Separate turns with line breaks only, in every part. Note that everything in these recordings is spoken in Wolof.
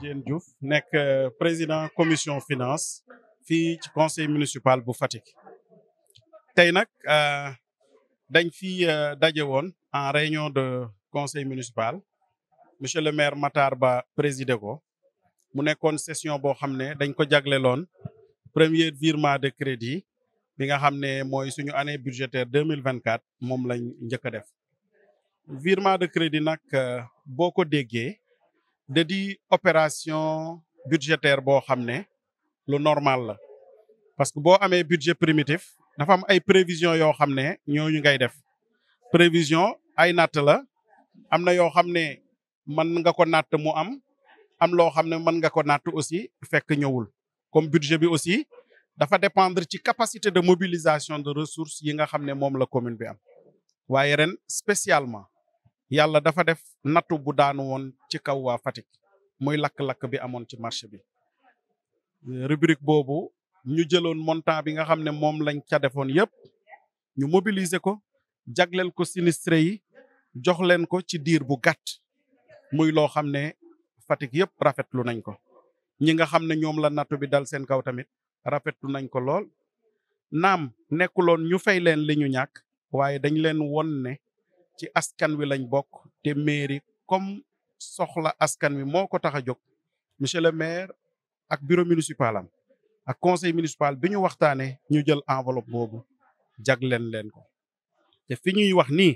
Diène Diouf nekk euh, président commission finance fii ci conseil municipal bu Fatick tey nag euh, dañ fi euh, daje woon en réunion de conseil municipal monsieur le maire Matar Ba présidé ko mu nekkoon session boo xam ne dañ ko jagleloon premier virement de crédit bi nga xam ne mooy suñu année budgétaire deux mille vingt quatre moom lañ njëkk a def. virement de crédit nag euh, boo ko déggee da di opération budgétaire boo xam ne lu normal la parce que boo amee budget primitif dafa am ay prévision yoo xam ne ñooñu ngay def prévision ay natt la am na yoo xam ne mën nga ko natt mu am am loo xam ne mën nga ko natt aussi fekk ñëwul comme budget bi aussi dafa dépendre ci capacité de mobilisation de ressources yi nga xam ne moom la commune bi am waaye ren spécialement yàlla dafa def nattu bu daanu woon ci kaw waa Fatick muy lakk-lakk bi amoon ci marché bi rubrique boobu ñu jëloon montant bi nga xam ne moom lañ ca defoon yépp ñu mobiliser ko jagleel ko sinistré yi jox leen ko ci diir bu gàtt muy loo xam ne Fatick yépp rafetlu nañ ko ñi nga xam ne ñoom la nattu bi dal seen kaw tamit rafetlu nañ ko lool naam nekkuloon ñu fay leen li ñu ñàkk waaye dañ leen won ne ci askan wi lañ bokk te mairie comme soxla askan wi moo ko tax a jóg monsieur le maire ak bureau municipal am ak conseil municipal bi ñu waxtaanee ñu jël enveloppe boobu jagleen leen ko te fi ñuy wax nii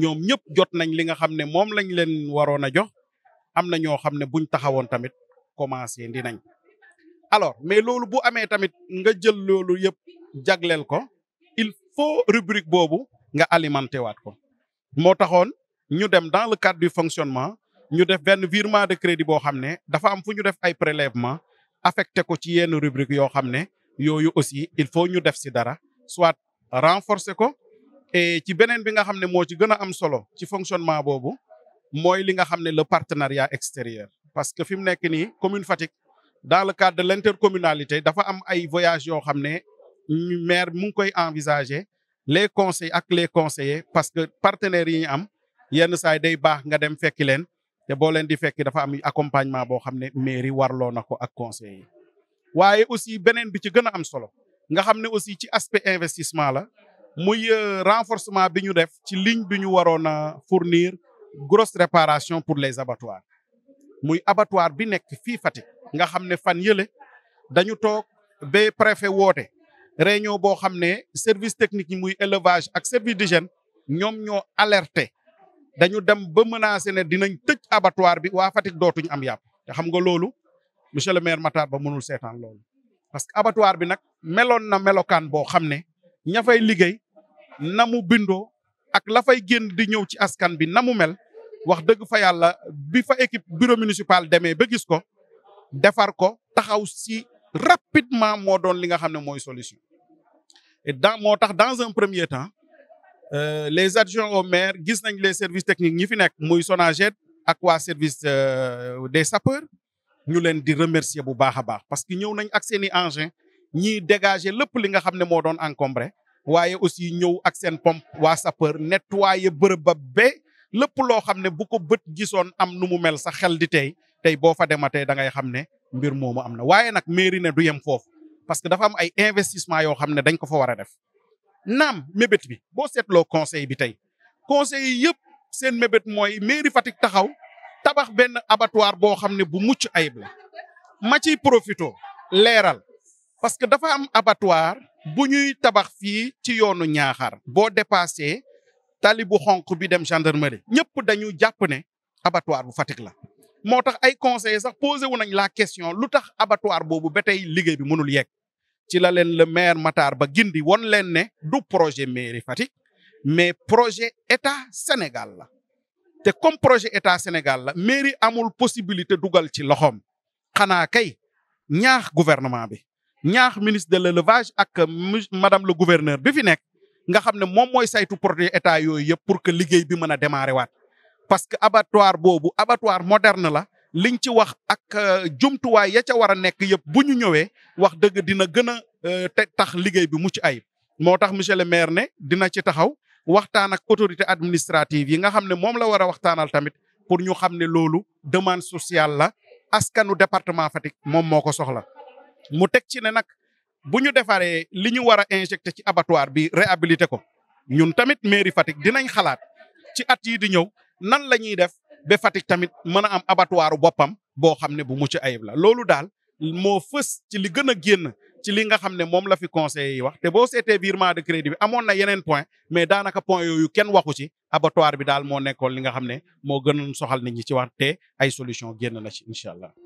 ñoom ñëpp jot nañ li nga xam ne moom lañ leen waroon a jox am na ñoo xam ne buñ taxawoon tamit commencé ndi nañ alors mais loolu bu amee tamit nga jël loolu yëpp jagleel ko il faut rubrique boobu nga alimenté waat ko moo taxoon ñu dem dans le cadre du fonctionnement ñu def benn virement de crédit boo xam ne dafa am fu ñu def ay prélèvement affecté ko ci yenn rubrique yoo xam ne yooyu aussi il faut ñu def si dara soit renforcer ko e ci beneen bi nga xam ne moo ci gën a am solo ci fonctionnement boobu mooy li nga xam ne le partenariat extérieur parce que fi mu nekk nii commune Fatick dans le cadre de l'intercommunalité dafa am ay voyages yoo xam ne maire mu ngi koy envisager les conseils ak les conseillers parce que partenaires yi ñu am yenn saay day baax nga dem fekki leen te boo leen di fekki dafa am accompagnement boo xam ne mairie warloo na ko ak conseillers yi waaye aussi beneen bi ci gën a am solo nga xam ne aussi ci aspect investissement la muy euh, renforcement bi ñu def ci ligne bi ñu waroon a fournir grosse réparation pour les abattoirs muy abattoir bi nekk fii Fatick nga xam ne fan yële dañu toog ba préfet woote réunion boo xam ne service technique yi muy élevage ak service d'hygiène ñoom ñoo alerté dañu dem ba menacé ne dinañ tëj abattoir bi waa Fatick dootuñ am yàpp te xam nga loolu monsieur le maire Matar Ba mënul seetaan loolu parce que abattoir bi nag meloon na melokaan boo xam ne ña fay liggéey na mu bindoo ak lafay fay génn di ñëw ci askan bi na mu mel wax dëgg fa yàlla bi fa équipe bureau municipal demee ba gis ko defar ko taxaw si rapidement moo doon li nga xam ne mooy solution et dans moo tax dans un premier temps euh, les adjoints au maire gis nañ les services techniques ñi fi nekk muy SONAGED ak waa service euh, des sapeurs ñu leen di remercier bu baax a baax parce que ñëw nañ ak seen i engin ñiy dégager lépp li nga xam ne moo doon encombré waaye aussi ñëw ak seen pompe waa sapeur nettoyer bërëb ba ba lépp loo xam ne bu ko bët gisoon am nu mu mel sa xel di tey tey boo fa dematee da ngay xam ne mbir moomu am na waaye nag mairie ne du yem foofu parce que dafa am ay investissement yoo xam ne dañ ko fa war a def naam mébét bi boo seetloo conseil bi tey conseil yi yëpp seen mébét mooy mairie Fatick taxaw tabax benn abattoir boo xam ne bu mucc ayib la ma ci profito leeral parce que dafa am abattoir bu ñuy tabax fii ci yoonu ñaaxar boo dépassé tali bu xonq bi dem gendarmerie ñëpp dañu jàpp ne abattoir bu Fatick la moo tax ay conseillers sax posé wu nañ la question lu tax abattoir boobu ba tey liggéey bi mënul yegg ci la leen le maire Matar Ba gindi won leen ne du projet mairi Fatick mais projet état Sénégal la te comme projet état Sénégal la mairie amul possibilité dugal ci loxoom xanaa kay ñaax gouvernement bi ñaax ministre de l'élevage ak madame la gouverneur bi fi nekk nga xam ne moom mooy saytu projet état yooyu yëpp pour que liggéey bi mën a démarrer waat parce que abattoir boobu abattoir moderne la liñ ci wax ak euh, jumtuwaay ya ca war a nekk yëpp bu ñu ñëwee wax dëgg dina gën a euh, tax liggéey bi mucc ayib. moo tax monsieur le maire ne dina ci taxaw waxtaan ak autorité administrative yi nga xam ne moom la war a waxtaanal tamit pour ñu xam ne loolu demande sociale la askanu département Fatick moom moo ko soxla mu teg ci ne nag bu ñu defaree li ñu war a injecté ci abattoir bi réhabilité ko ñun tamit mairie Fatick dinañ xalaat ci at yii di ñëw nan la ñuy def ba Fatick tamit mën a am abattoiru boppam boo xam ne bu mucc ayib la loolu daal moo fës ci li gën a génn ci li nga xam ne moom la fi conseillers yi wax te boo seetee virement de crédit bi amoon na yeneen point mais daanaka point yooyu kenn waxu ci abattoir bi daal moo nekkoon li nga xam ne moo gënoon soxal nit ñi ci wax te ay solution génn na ci incha allah